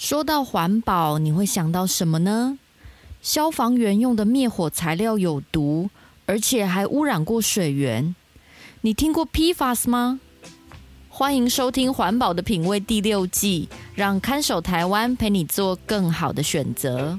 說到環保，你會想到什麼呢？消防員用的滅火材料有毒，而且還污染過水源。你聽過 PFAS 嗎？歡迎收聽《環保的品味》第六季，讓看守台灣陪你做更好的選擇。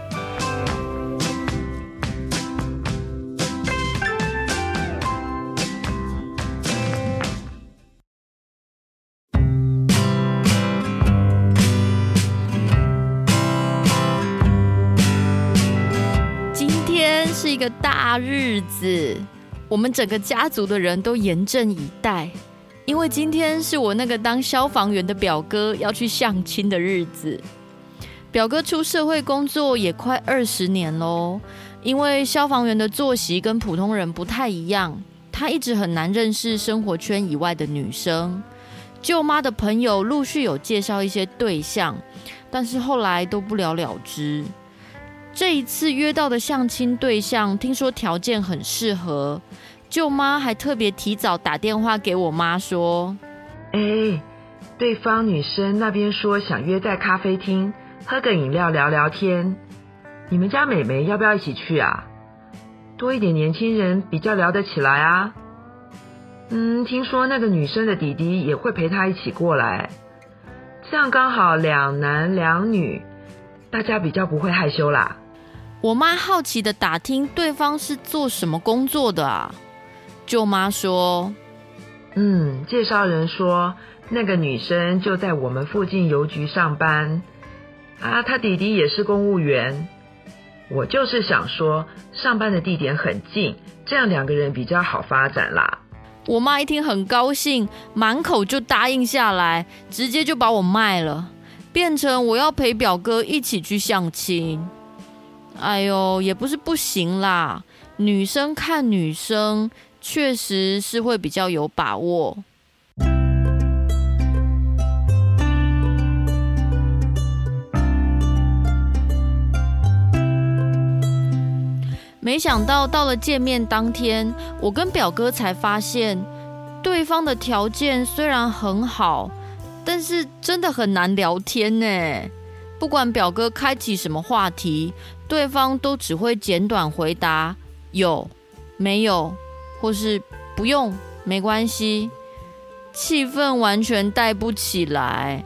一個大日子，我們整個家族的人都嚴陣以待，因為今天是我那個當消防員的表哥要去相親的日子。表哥出社會工作也快二十年嘍，因為消防員的作息跟普通人不太一樣，他一直很難認識生活圈以外的女生。舅媽的朋友陸續有介紹一些對象，但是後來都不了了之。這一次約到的相親對象，聽說條件很適合。舅媽還特別提早打電話給我媽說：“哎、欸，對方女生那邊說想約在咖啡廳喝個飲料聊聊天，你們家美眉要不要一起去啊？多一點年輕人比較聊得起來啊。”嗯，聽說那個女生的弟弟也會陪她一起過來，這樣剛好兩男兩女，大家比較不會害羞啦。我媽好奇地打聽對方是做什麼工作的啊，舅媽說：“嗯，介紹人說那個女生就在我們附近郵局上班，啊，她弟弟也是公務員。我就是想說，上班的地點很近，這樣兩個人比較好發展啦。”我媽一聽很高興，滿口就答應下來，直接就把我賣了，變成我要陪表哥一起去相親。哎呦，也不是不行啦。女生看女生，確實是會比較有把握。沒想到到了見面當天，我跟表哥才發現，對方的條件雖然很好，但是真的很難聊天呢。不管表哥開啟什麼話題，對方都只會簡短回答“有”“沒有”或是“不用”“沒關係”，氣氛完全帶不起來。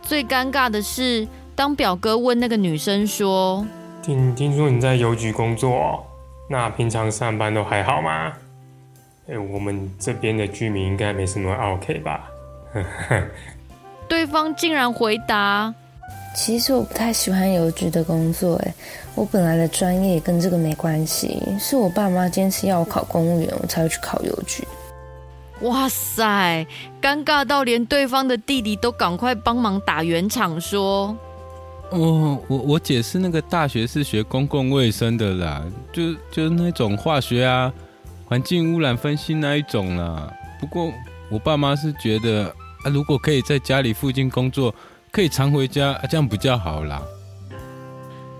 最尷尬的是，當表哥問那個女生說：“聽聽說你在郵局工作，那平常上班都還好嗎？”欸，我們這邊的居民應該沒什麼 OK 吧？ 對方竟然回答。其實我不太喜歡郵局的工作，哎，我本來的專業跟這個沒關係，是我爸媽堅持要我考公務員，我才會去考郵局。哇塞，尷尬到連對方的弟弟都趕快幫忙打圓場，說：“我我我姐是那個大學是學公共衛生的啦，就就是那種化學啊，環境污染分析那一種啦。不過我爸媽是覺得啊，如果可以在家裡附近工作。”可以常回家啊，這樣比較好啦。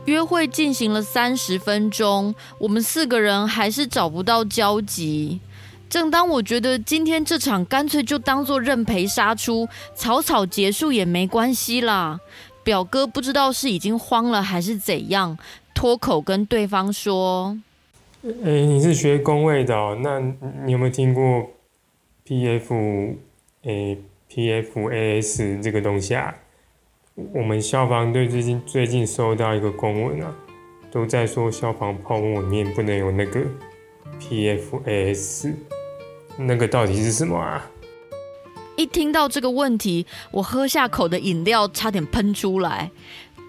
約會進行了三十分鐘，我們四個人還是找不到交集。正當我覺得今天這場乾脆就當做認賠殺出，草草結束也沒關係啦。表哥不知道是已經慌了還是怎樣，脫口跟對方說：“誒，你是學工位的哦，那你有沒有聽過 P F，欸，P F A S 這個東西啊？”我們消防隊最近最近收到一個公文啊，都在說消防泡沫裡面不能有那個 PFAS，那個到底是什麼啊？一聽到這個問題，我喝下口的飲料差點噴出來。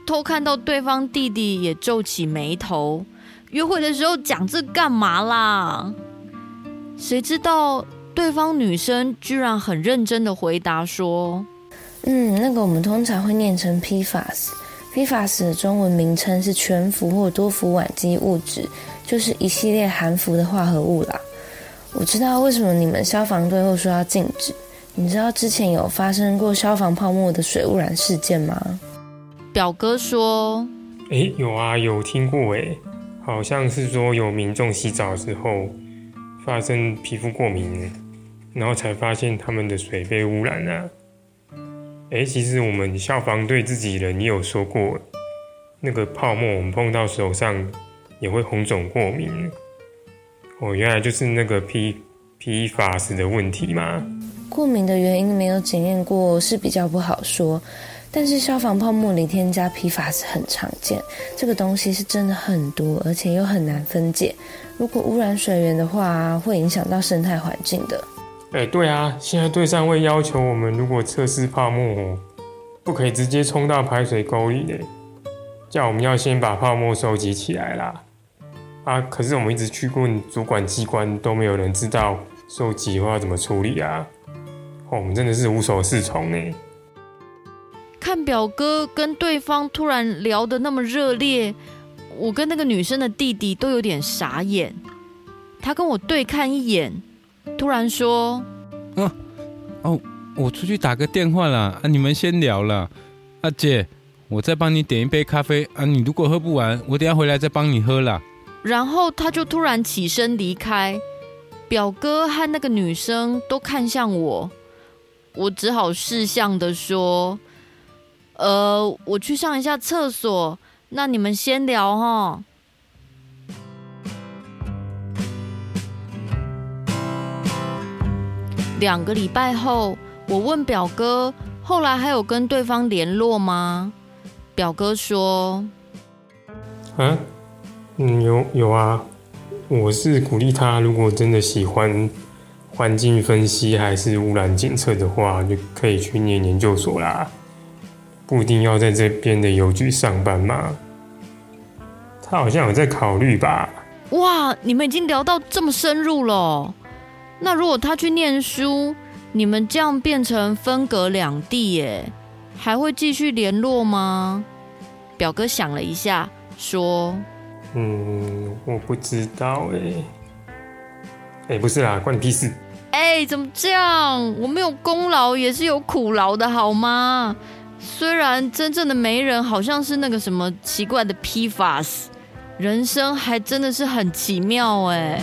偷看到對方弟弟也皺起眉頭，約會的時候講這幹嘛啦？誰知道對方女生居然很認真的回答說。嗯，那個我們通常會念成 PFAS，PFAS 的中文名稱是全氟或多氟烷基物質，就是一系列含氟的化合物啦。我知道為什麼你們消防隊會說要禁止。你知道之前有發生過消防泡沫的水污染事件嗎？表哥說，哎，有啊，有聽過哎，好像是說有民眾洗澡之後發生皮膚過敏，然後才發現他們的水被污染了啊。誒、欸，其實我們消防隊自己人，也有說過那個泡沫，我們碰到手上也會紅腫過敏。哦，原來就是那個 P PFAS 的問題嗎？過敏的原因沒有檢驗過是比較不好說，但是消防泡沫裡添加 PFAS 很常見，這個東西是真的很多，而且又很難分解，如果污染水源的話，會影響到生態環境的。哎、欸，對啊，現在隊上會要求我們，如果測試泡沫，不可以直接衝到排水溝裡嘞，叫我們要先把泡沫收集起來啦。啊，可是我們一直去過主管機關，都沒有人知道收集或要怎麼處理啊、哦。我們真的是無所適從呢。看表哥跟對方突然聊得那麼熱烈，我跟那個女生的弟弟都有點傻眼。他跟我對看一眼。突然說：“嗯、啊，哦，我出去打個電話啦，啊，你們先聊了。阿、啊、姐，我再幫你點一杯咖啡啊，你如果喝不完，我等下回來再幫你喝啦。”然後他就突然起身離開，表哥和那個女生都看向我，我只好識相的說：“呃，我去上一下廁所，那你們先聊哈。”兩個禮拜後，我問表哥，後來還有跟對方聯絡嗎？表哥說：“啊、嗯，有有啊，我是鼓勵他，如果真的喜歡環境分析還是汙染檢測的話，就可以去念研究所啦，不一定要在這邊的郵局上班嘛。他好像有在考慮吧。”哇，你們已經聊到這麼深入了！那如果他去念書，你們這樣變成分隔兩地耶，還會繼續聯絡嗎？表哥想了一下，說：“嗯，我不知道哎，哎、欸，不是啦，關你屁事！哎、欸，怎麼這樣？我沒有功勞也是有苦勞的好嗎？雖然真正的媒人好像是那個什麼奇怪的 PFAS，人生還真的是很奇妙哎。”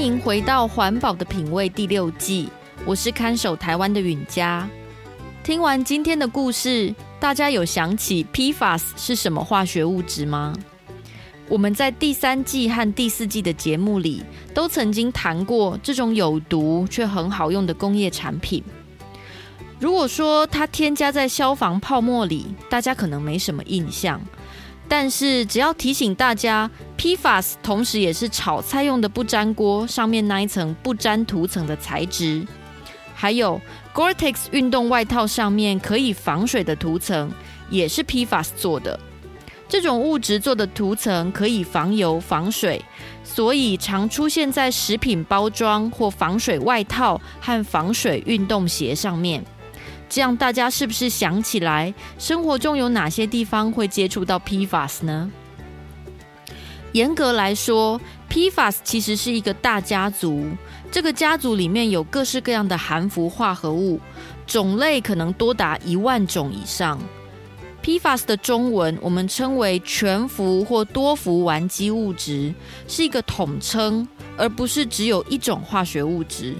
歡迎回到《環保的品味》第六季，我是看守台灣的允嘉。聽完今天的故事，大家有想起 PFAS 是什麼化學物質嗎？我們在第三季和第四季的節目裡都曾經談過這種有毒卻很好用的工業產品。如果說它添加在消防泡沫裡，大家可能沒什麼印象，但是只要提醒大家，PFAS 同時也是炒菜用的不粘鍋上面那一層不粘塗層的材質，還有 Gore-Tex 運動外套上面可以防水的塗層也是 PFAS 做的。這種物質做的塗層可以防油、防水，所以常出現在食品包裝或防水外套和防水運動鞋上面。這樣大家是不是想起來生活中有哪些地方會接觸到 PFAS 呢？嚴格來說，PFAS 其實是一個大家族。這個家族裡面有各式各樣的含氟化合物，種類可能多達一萬種以上。PFAS 的中文我們稱為全氟或多氟烷基物質，是一個統稱，而不是只有一種化學物質。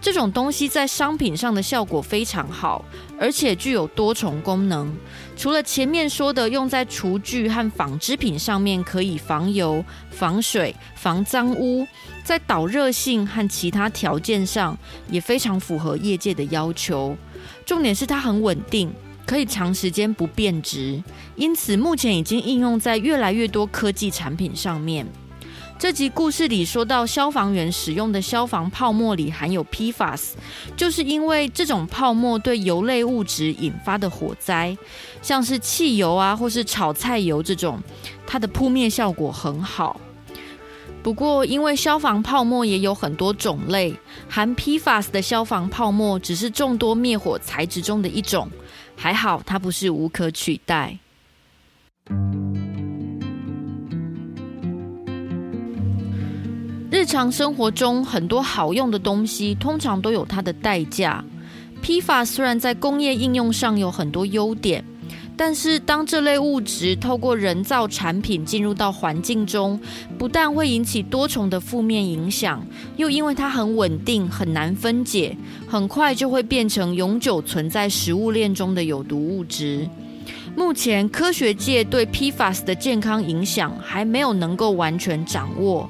這種東西在商品上的效果非常好，而且具有多重功能。除了前面說的用在廚具和紡織品上面可以防油、防水、防髒汙，在導熱性和其他條件上也非常符合業界的要求。重點是它很穩定，可以長時間不變質，因此目前已經應用在越來越多科技產品上面。這集故事裡說到，消防員使用的消防泡沫裡含有 PFAS，就是因為這種泡沫對油類物質引發的火災，像是汽油啊或是炒菜油這種，它的撲滅效果很好。不過，因為消防泡沫也有很多種類，含 PFAS 的消防泡沫只是眾多滅火材質中的一種，還好它不是無可取代。日常生活中，很多好用的東西通常都有它的代價。PFAS 雖然在工業應用上有很多優點，但是當這類物質透過人造產品進入到環境中，不但會引起多重的負面影響，又因為它很穩定、很難分解，很快就會變成永久存在食物鏈中的有毒物質。目前科學界對 PFAS 的健康影響還沒有能夠完全掌握。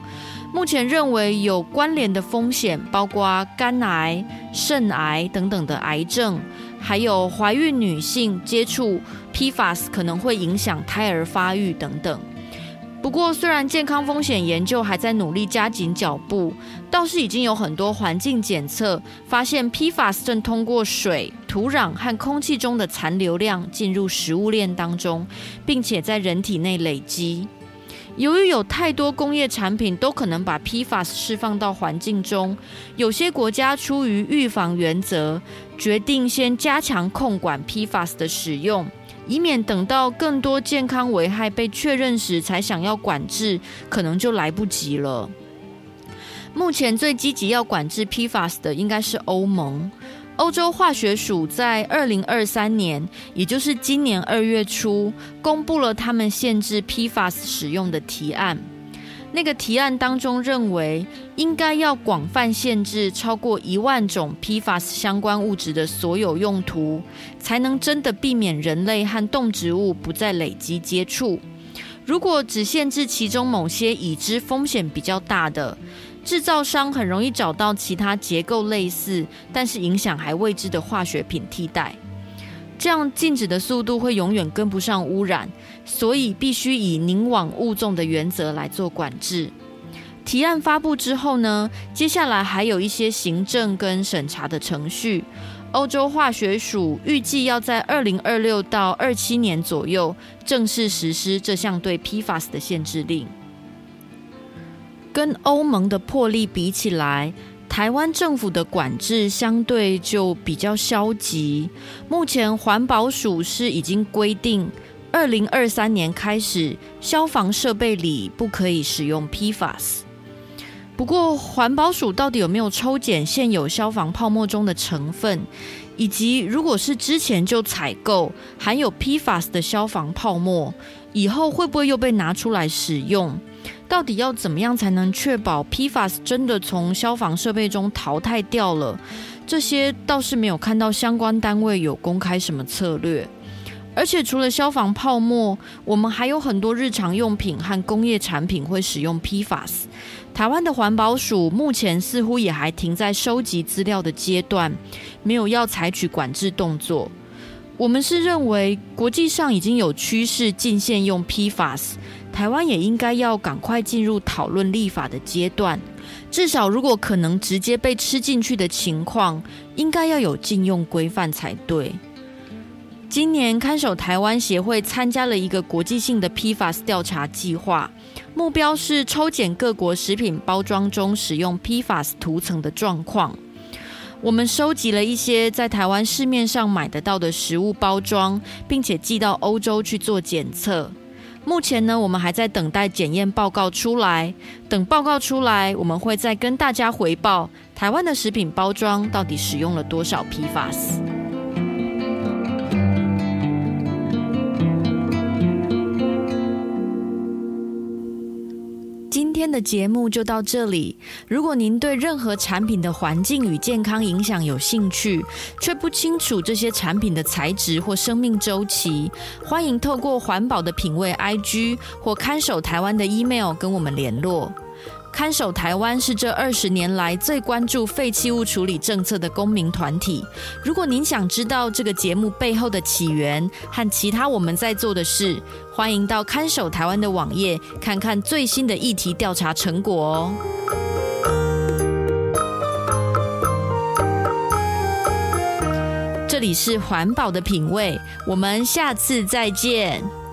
目前認為有關聯的風險，包括肝癌、腎癌等等的癌症，還有懷孕女性接觸 PFAS 可能會影響胎兒發育等等。不過，雖然健康風險研究還在努力加緊腳步，倒是已經有很多環境檢測發現 PFAS 正通過水、土壤和空氣中的殘留量進入食物鏈當中，並且在人體內累積。由於有太多工業產品都可能把 PFAS 釋放到環境中，有些國家出於預防原則，決定先加強控管 PFAS 的使用，以免等到更多健康危害被確認時才想要管制，可能就來不及了。目前最積極要管制 PFAS 的應該是歐盟。歐洲化學署在二零二三年，也就是今年二月初，公布了他們限制 PFAS 使用的提案。那個提案當中認為，應該要廣泛限制超過一萬種 PFAS 相關物質的所有用途，才能真的避免人類和動植物不再累積接觸。如果只限制其中某些已知風險比較大的，製造商很容易找到其他結構類似，但是影響還未知的化學品替代，這樣禁止的速度會永遠跟不上污染，所以必須以寧枉勿縱的原則來做管制。提案發布之後呢，接下來還有一些行政跟審查的程序。歐洲化學署預計要在二零二六到二七年左右正式實施這項對 PFAS 的限制令。跟歐盟的魄力比起來，台灣政府的管制相對就比較消極。目前環保署是已經規定，二零二三年開始，消防設備裡不可以使用 PFAS。不過，環保署到底有沒有抽檢現有消防泡沫中的成分，以及如果是之前就採購含有 PFAS 的消防泡沫，以後會不會又被拿出來使用？到底要怎麼樣才能確保 PFAS 真的從消防設備中淘汰掉了？這些倒是沒有看到相關單位有公開什麼策略。而且除了消防泡沫，我們還有很多日常用品和工業產品會使用 PFAS。台灣的環保署目前似乎也還停在收集資料的階段，沒有要採取管制動作。我們是認為國際上已經有趨勢禁限用 PFAS。台灣也應該要趕快進入討論立法的階段，至少如果可能直接被吃進去的情況，應該要有禁用規範才對。今年看守台灣協會參加了一個國際性的 PFAS 調查計劃，目標是抽檢各國食品包裝中使用 PFAS 塗層的狀況。我們收集了一些在台灣市面上買得到的食物包裝，並且寄到歐洲去做檢測。目前呢，我們還在等待檢驗報告出來。等報告出來，我們會再跟大家回報台灣的食品包裝到底使用了多少 PFAS。今天的節目就到這裡。如果您對任何產品的環境與健康影響有興趣，卻不清楚這些產品的材質或生命週期，歡迎透過環保的品味 IG 或看守台灣的 email 跟我們聯絡。看守台灣是這二十年來最關注廢棄物處理政策的公民團體。如果您想知道這個節目背後的起源和其他我們在做的事，歡迎到看守台灣的網頁看看最新的議題調查成果哦。這裡是環保的品味，我們下次再見。